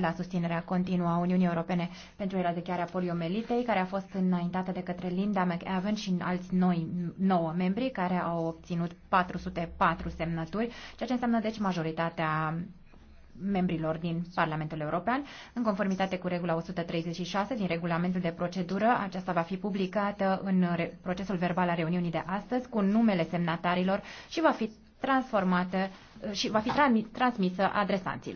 la susținerea continuă a Uniunii Europene pentru eradicarea poliomelitei, care a fost înaintată de către Linda McAvan și alți noi, nouă membri, care au obținut 404 semnături, ceea ce înseamnă deci majoritatea membrilor din Parlamentul European. În conformitate cu regula 136 din regulamentul de procedură, aceasta va fi publicată în procesul verbal al reuniunii de astăzi cu numele semnatarilor și va fi transformată și va fi transmisă adresanților.